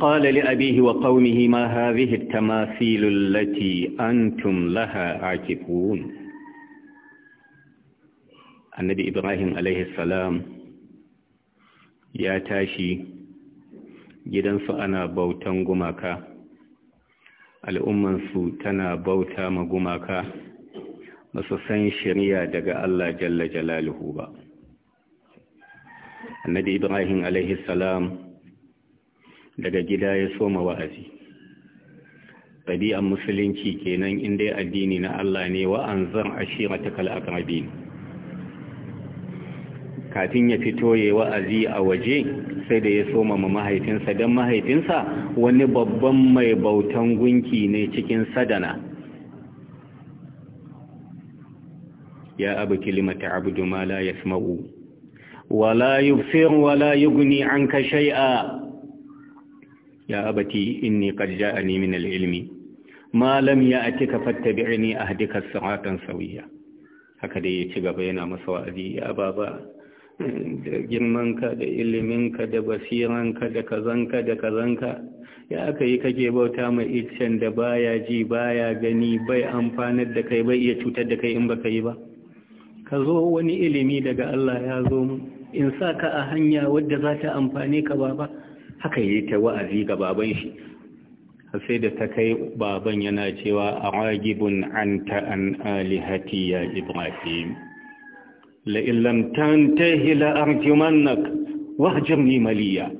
قال لأبيه وقومه ما هذه التماثيل التي أنتم لها عاكفون النبي إبراهيم عليه السلام يا تاشي gidansu ana bautan gumaka al'ummansu tana bauta ma gumaka ba su san shiriya daga Allah jalla jalaluhu ba annabi ibrahim daga gida ya soma wa'azi ɗabi'an musulunci kenan in addini na Allah ne wa'an zan ashira ta kal'akarabin kafin ya fito ya wa'azi a waje sai da ya soma ma mahaifinsa don mahaifinsa wani babban mai bautan gunki ne cikin sadana ya abu kilimata abu jumala ya wala yufir wala yugni an ka shai'a ya abati inni qad ja'ani min al-ilmi ma lam ya'tika fattabi'ni ahdika siratan sawiya haka dai ya ci gaba yana masa wa'azi ya baba da girmanka da iliminka da basiranka da kazanka da kazanka ya aka yi kake bauta mai iccen da baya ji baya gani bai amfanar da kai bai iya cutar da kai in baka yi ba ka zo wani ilimi daga Allah ya zo in sa ka a hanya wadda za ta amfane ka baba haka yi ta wa'azi ga baban shi sai da ta kai baban yana cewa a ragibun an ta'an alihati ya ibrahim la'ar tantahi na wajen maliya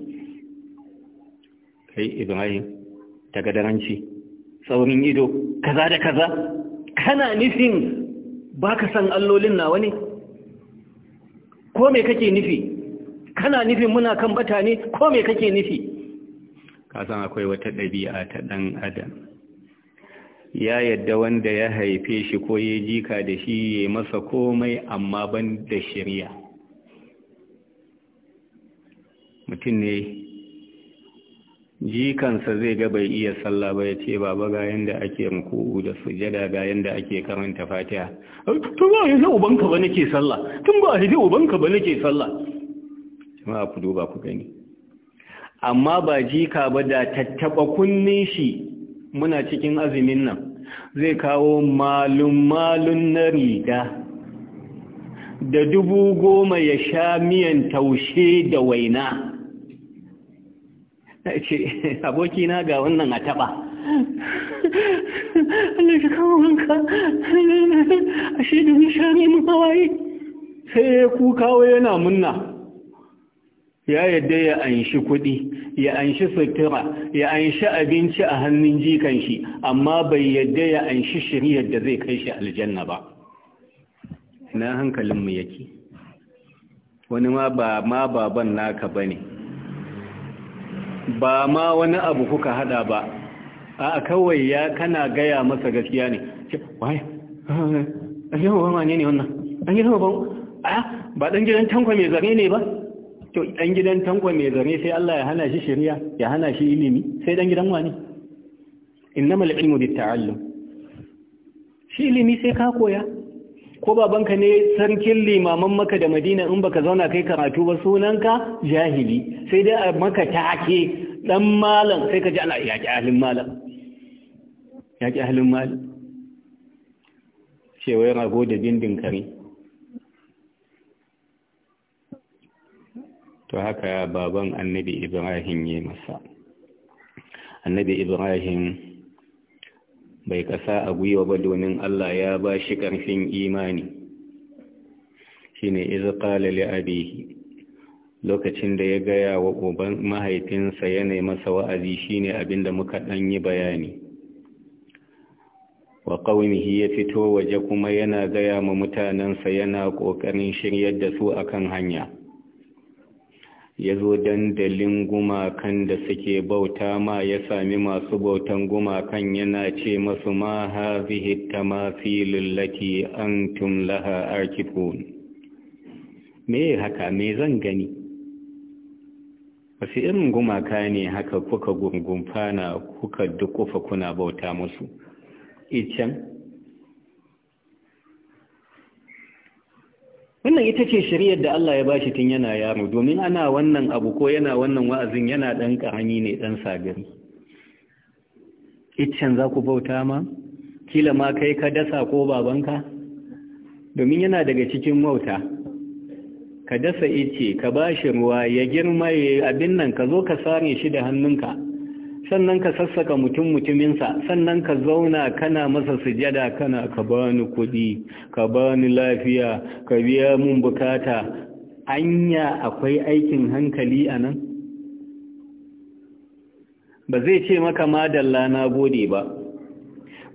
kai ibrahim ta gadaranci saurin ido kaza da kaza kana nufin ba ka san allolin nawa ne ko me kake nufi kana nufin muna kan bata ne ko me kake nufi kasan akwai wata ɗabi'a ta ɗan adam ya yadda wanda ya haife shi ko ya jika da shi ya masa komai amma ban da shirya mutum ne jikansa zai ga bai iya sallah ba ya ce baba ga yadda ake ruku'u da sujada ga yadda ake karanta fatiha tun ba zai ubanka ba nake sallah tun ba a zai ubanka ba nake sallah ma ku duba ku gani amma ba jika ba da tattaba kunnin shi muna cikin azumin nan zai kawo malun malun na riga da dubu goma ya sha miyan taushe da waina ce abokina ga wannan a taba Allah shi kawo wanka a shi domin sha miyan hawaye sai kuka yana munna ya yadda ya anshi kuɗi ya anshi sutura ya anshi abinci a hannun jikan shi amma bai yadda ya anshi shiriyar da zai kai shi aljanna ba na hankalinmu yake wani ma ba ma baban naka ba ne ba ma wani abu kuka hada ba a kawai ya kana gaya masa gaskiya ne wai an yi hawa ne ne wannan an yi hawa ba ba ɗan gidan tankwa mai zare ne ba to dan gidan tanko mai zane sai Allah ya hana shi shari'a ya hana shi ilimi sai dan gidan wani innamal ilmu bitta'allum shi ilimi sai ka koya ko babanka ne sarkin limaman maka da madina in baka zauna kai karatu ba sunanka jahili sai dai a maka take dan malam sai ka ji ana yaƙi ahlin malam yaƙi ahlin malam cewa rago da bindin kare to haka baban annabi ibrahim ya masa annabi ibrahim bai kasa a gwiwa ba domin allah ya ba shi ƙarfin imani shi ne izikala li'abihi lokacin da ya gaya wa uban mahaifinsa yanayi masa wa'azi shine ne abinda muka yi bayani wa ƙaunihi ya fito waje kuma yana gaya ma mutanensa yana ƙoƙarin shiryar da su akan hanya ya zo dandalin gumakan da suke bauta ma ya sami masu bautan gumakan yana ce masu ma hazihi tamafilul an tun laha arkifon me haka me zan gani wasu irin gumaka ne haka kuka gungunfana kuka dukufa kuna bauta musu icen wannan ita ce shari'ar da Allah ya ba shi tun yana yaro domin ana wannan abu ko yana wannan wa'azin yana ɗan karami ne ɗan sagari iccen za ku bauta ma kila ma kai ka dasa ko babanka domin yana daga cikin wauta ka dasa icce, ka ba shi ruwa ya girma ya abin nan ka zo ka sare shi da hannunka sannan ka sassaka mutum mutuminsa sannan ka zauna kana masa sujada kana ka ni kuɗi ka ni lafiya ka biya mun bukata anya akwai aikin hankali a nan ba zai ce maka ma madalla na gode ba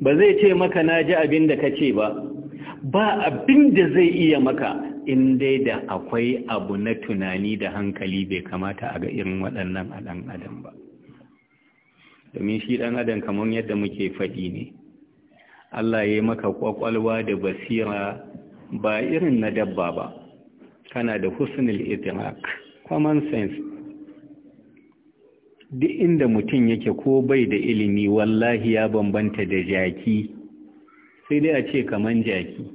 ba zai ce maka na ji abin da ka ce ba ba abin da zai iya maka in dai da akwai abu na tunani da hankali bai kamata a ga irin waɗannan a adam ba domin shi ɗan adam kamar yadda muke faɗi ne Allah ya yi maka ƙwaƙwalwa da basira ba irin na dabba ba kana da husnul idrak common sense duk inda mutum yake ko bai da ilimi wallahi ya bambanta da jaki sai dai a ce kaman jaki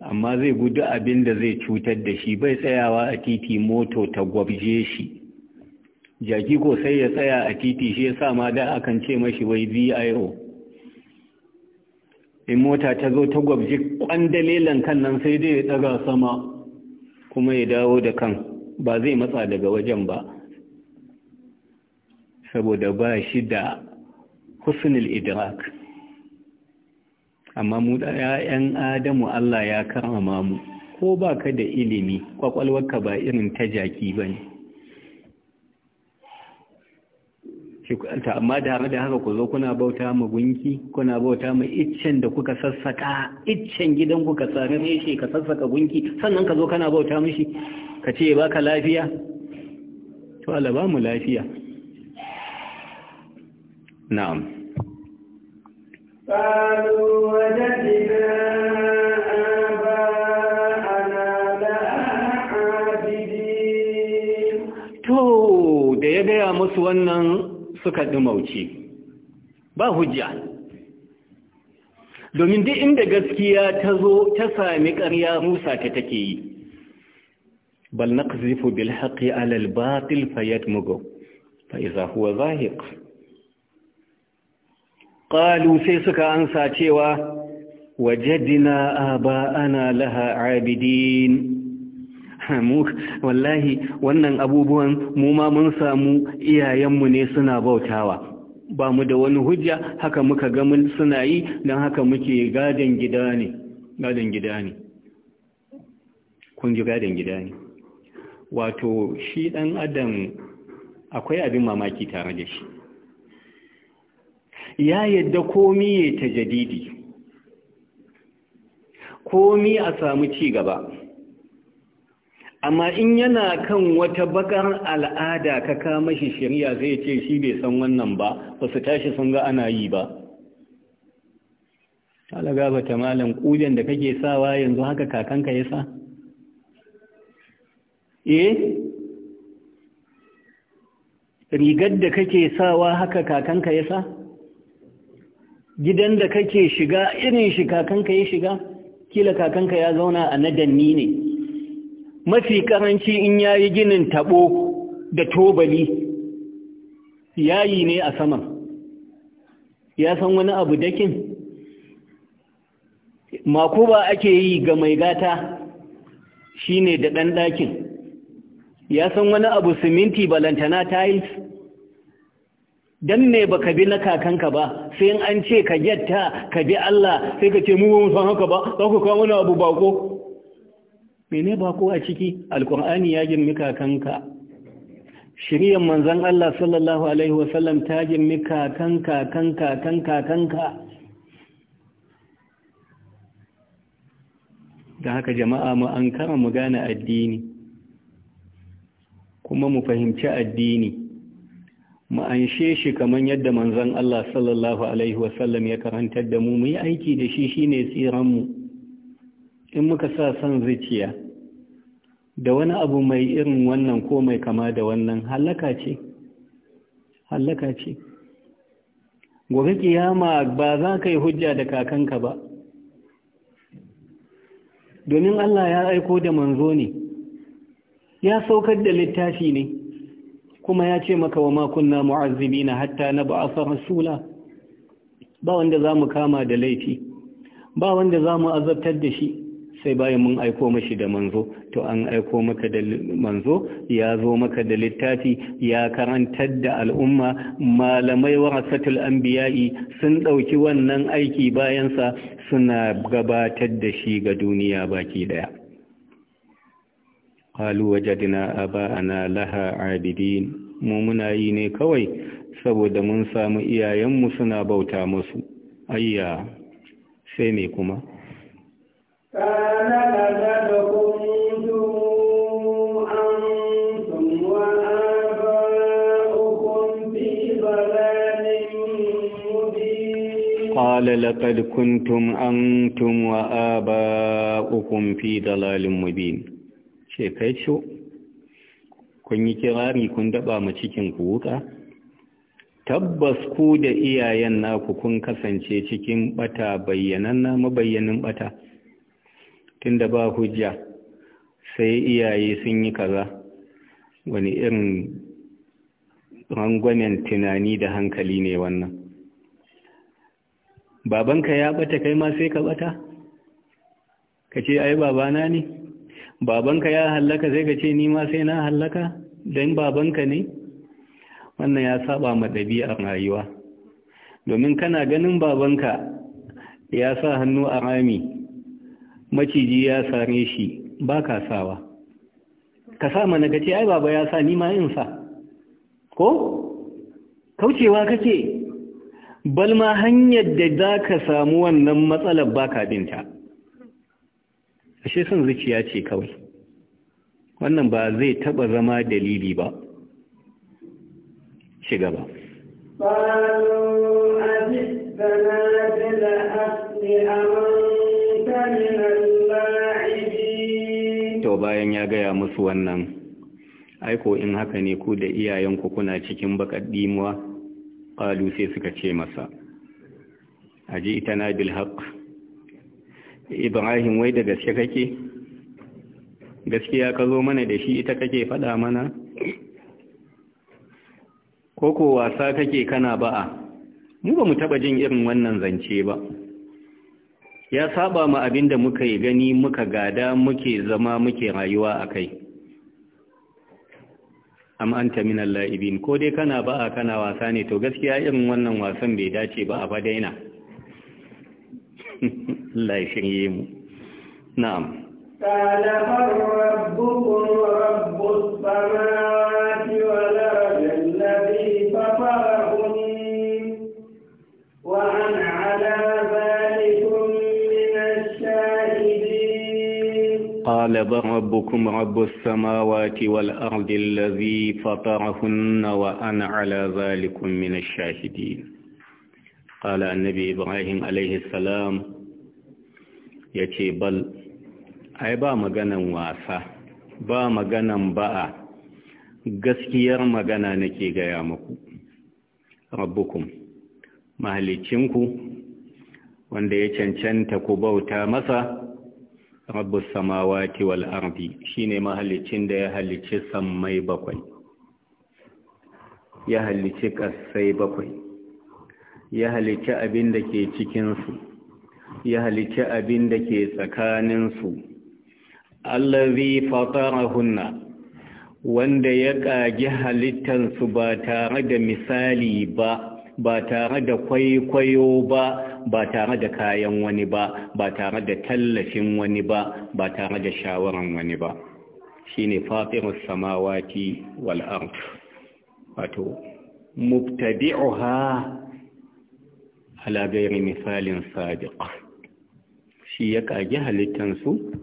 amma zai gudu abin da zai cutar da shi bai tsayawa a titi moto ta gwabje shi jaki ko sai ya tsaya a titi shi ya sa ma da akan ce mashi wai vio in mota ta zo ta gwabji kwandalelan kan nan sai dai ya daga sama kuma ya dawo da kan ba zai matsa daga wajen ba saboda ba shi da husnul idrak amma mu da 'ya'yan adamu Allah ya karama mu ko ba ka da ilimi kwakwalwarka ba irin ta jaki bane ta amma da haka da haka ku zo kuna bauta ma gunki kuna bauta ma iccen da kuka sassaka iccen gidan kuka same shi ka sassaka gunki sannan ka zo kana bauta mishi ka ce ba ka lafiya to Allah ba mu lafiya na'am qalu wajadna ya gaya musu wannan suka dumauce ba hujja domin duk inda gaskiya ta zo ta sami ƙarya musa ta take yi bal naqzifu bil haqqi alal, batil fayatmugu fa idha huwa zahiq Ƙalu sai suka ansa cewa wajadna ana laha abidin mu wallahi wannan abubuwan mu ma mun samu iyayenmu ne suna bautawa ba mu da wani hujja haka muka ga mun suna yi don haka muke gadon gida ne gadon gida ne kun gadon gida ne wato shi dan adam akwai abin mamaki tare da shi ya yadda komi ya ta jadidi komi a samu ci gaba amma in yana kan wata bakar al'ada ka kama shi shari'a zai ce shi bai san wannan ba ba su tashi sun ga ana yi ba talaga ba ta malam kujen da kake sawa yanzu haka kakanka ya sa eh rigar da kake sawa haka kakanka ya sa gidan da kake shiga irin shi kakanka ya shiga kila kakanka ya zauna a nadanni ne mafi karanci in ya yi ginin taɓo da tobali yayi ne a saman ya san wani abu dakin makuba ake yi ga mai gata ne da ɗan ɗakin ya san wani abu siminti balantana tiles dan ne ba ka bi na kakanka ba sai an ce ka gyatta ka bi Allah sai ka ce mu ba mu san haka ba za ku kawo wani abu bako mene ba ko a ciki alkur'ani ya girmi kakanka shiryan manzan Allah sallallahu alaihi wasallam ta girmi kakanka kanka kanka kanka da haka jama'a mu an kama mu gane addini kuma mu fahimci addini mu an shi kamar yadda manzan Allah sallallahu alaihi wasallam ya karantar da mu mu yi aiki da shi shine tsiran mu in muka sa son zuciya da wani abu mai irin wannan ko mai kama da wannan halaka ce halaka ce gobe kiyama ba za ka yi hujja da kakanka ba domin Allah ya aiko da manzo ne ya saukar da littafi ne kuma ya ce maka wa makunna na hatta na ba'asa rasula ba wanda za mu kama da laifi ba wanda za mu azabtar da shi sai bayan mun aiko mashi da manzo to an aiko maka da manzo ya zo maka da littafi ya karantar da al'umma malamai warasatul anbiya'i sun dauki wannan aiki bayansa suna gabatar da shi ga duniya baki daya qalu wajadna aba'ana laha abidin mu muna yi ne kawai saboda mun samu iyayenmu suna bauta musu ayya sai ne kuma Ka na ƙasa ɗaukutu an san wa'abu kun fi dalilin mu biyu? Kwa lallai, ƙadkuntun kun yi kyau kun kirari kun daba ma cikinku wuka. Tabbas, ku da iyayen naku kun kasance cikin ɓata bayyana mabayanin ɓata. Tun da ba hujja sai iyaye sun yi kaza wani irin rangwamen tunani da hankali ne wannan babanka ya bata kai ma sai ka bata ka ce ai babana ne babanka ya hallaka sai ka ce ni ma sai na hallaka don babanka ne wannan ya saba ma ɗabi'ar rayuwa domin kana ganin babanka ya sa hannu a rami maciji ya sare shi ba ka sawa ka sa mana ka ce ai baba ya sa nima yin sa ko kaucewa kake balma hanyar da za ka samu wannan matsalar ba ka binta ashe son zuciya ce kawai wannan ba zai taba zama dalili ba ci gaba قالوا أجدنا بلا a أمان to bayan ya gaya musu wannan aiko in haka ne ku da iyayenku kuna cikin bakar dimuwa ƙalu sai suka ce masa A ji ita na bilhaq ibrahim wai da gaske kake gaskiya ka zo mana da shi ita kake faɗa mana koko wasa kake kana ba'a mu ba mu taɓa jin irin wannan zance ba ya saba ma abin da muka yi gani muka gada muke zama muke rayuwa a kai am anta min laibin ko dai kana ba a kana wasa ne to gaskiya irin wannan wasan bai dace ba a fadaina Allah ya shirye mu na'am قال من غلب ربكم رب السماوات والأرض الذي فطرهن وأنا على ذلك من الشاهدين قال النبي إبراهيم عليه السلام يتي بل أي با مغانا واسا با مغانا باء gaskiyar magana nake gaya muku rabbukum mahalicinku wanda ya cancanta ku bauta masa rabbus samawati wal ardi shine mahallicin da ya halicci sammai bakwai ya halicci kasai bakwai ya halicci abin da ke cikin su ya halicci abin da ke tsakanin su allazi fatarahunna wanda ya kagi su ba tare da misali ba ba tare da kwaikwayo ba ba tare da kayan wani ba ba tare da tallafin wani ba ba tare da shawaran wani ba Shi shine fatirus samawati wal wato ha? ala gairi misalin sadiq shi ya kage halittansu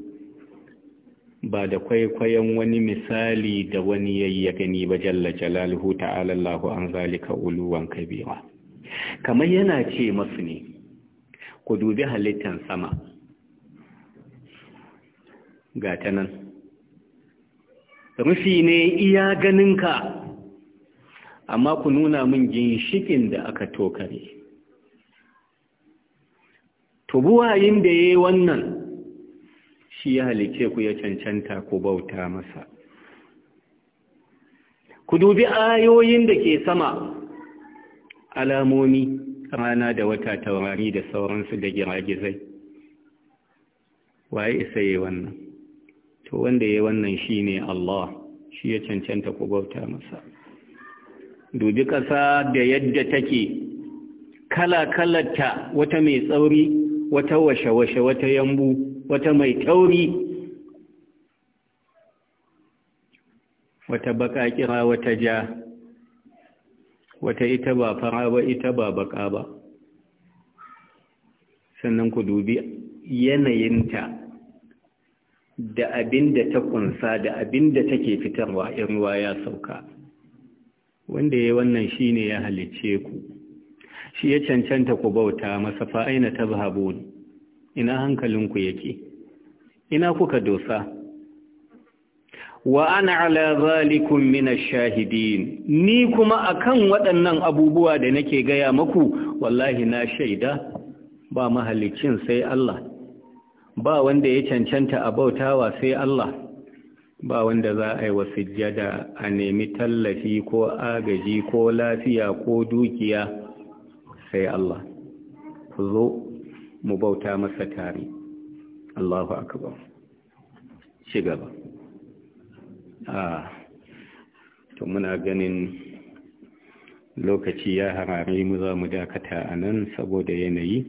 ba da kwaikwayon wani misali da wani ya gani ba jalla jalaluhu ta'ala Allahu an zalika uluwan kabira kamar yana ce masu ne ku dubi halittan sama ga ta nan rufi ne iya ganinka amma ku nuna min ginshikin da aka tokare tubuwayin da ya yi wannan shi ya halice ku ya cancanta ku bauta masa ku dubi ayoyin da ke sama alamomi rana da wata taurari da sauransu da giragizai waye isa yi wannan to wanda ya wannan shi ne Allah shi ya cancanta ku bauta masa dubi ƙasa da yadda take kala ta wata mai tsauri wata washe-washe wata yambu wata mai tauri wata baka kira wata ja wata ita ba fara ba ita ba baka ba sannan ku dubi yanayinta da abin da ta kunsa da abin da take fitarwa in ruwa ya sauka wanda ya wannan shine ya halicce ku shi ya cancanta ku bauta masa fa'aina ta ina hankalinku yake ina kuka dosa wa ana ala zalikum min ash-shahidin ni kuma akan waɗannan abubuwa da nake gaya muku wallahi na shaida ba mahallicin sai Allah ba wanda ya cancanta a bautawa sai Allah ba wanda za a yi wa sujjada a nemi tallafi ko agaji ko lafiya ko dukiya sai Allah ku zo mu bauta masa tare Allahu akbar Ci gaba ah, to muna ganin lokaci ya harare mu za mu dakata a nan saboda yanayi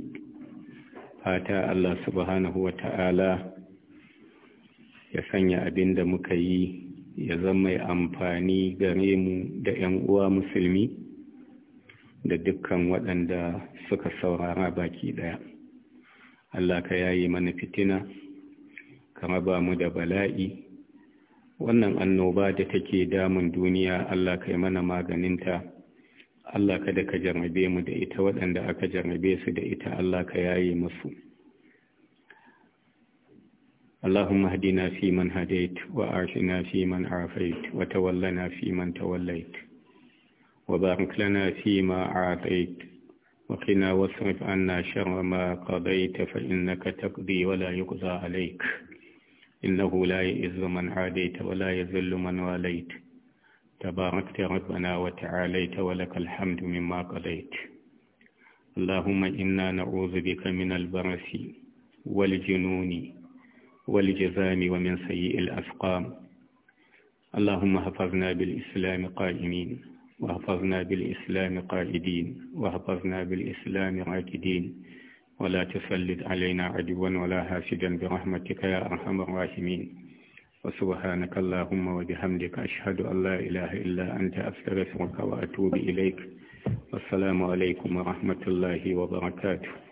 fata Allah subhanahu wa ta'ala ya sanya abin da muka yi ya zama mai amfani gare mu da 'yan uwa musulmi da dukkan waɗanda suka saurara baki ɗaya. Allah ka yayi mana fitina kama ba mu da bala'i wannan annoba da take damun duniya Allah ka yi mana maganinta Allah ka da ka jarrabe mu da ita waɗanda aka jarrabe su da ita Allah ka yayi musu اللهم اهدنا فيمن هديت وأعفنا فيمن عافيت وتولنا فيمن توليت وبارك لنا فيما أعطيت وقنا واصرف عنا شر ما قضيت فإنك تقضي ولا يقضى عليك إنه لا يئز من عاديت ولا يذل من واليت تباركت ربنا وتعاليت ولك الحمد مما قضيت اللهم إنا نعوذ بك من البرس والجنون والجزام ومن سيء الأسقام اللهم حفظنا بالإسلام قائمين وحفظنا بالإسلام قائدين وحفظنا بالإسلام راكدين ولا تسلط علينا عدوا ولا هاسدا برحمتك يا أرحم الراحمين وسبحانك اللهم وبحمدك أشهد أن لا إله إلا أنت أستغفرك وأتوب إليك والسلام عليكم ورحمة الله وبركاته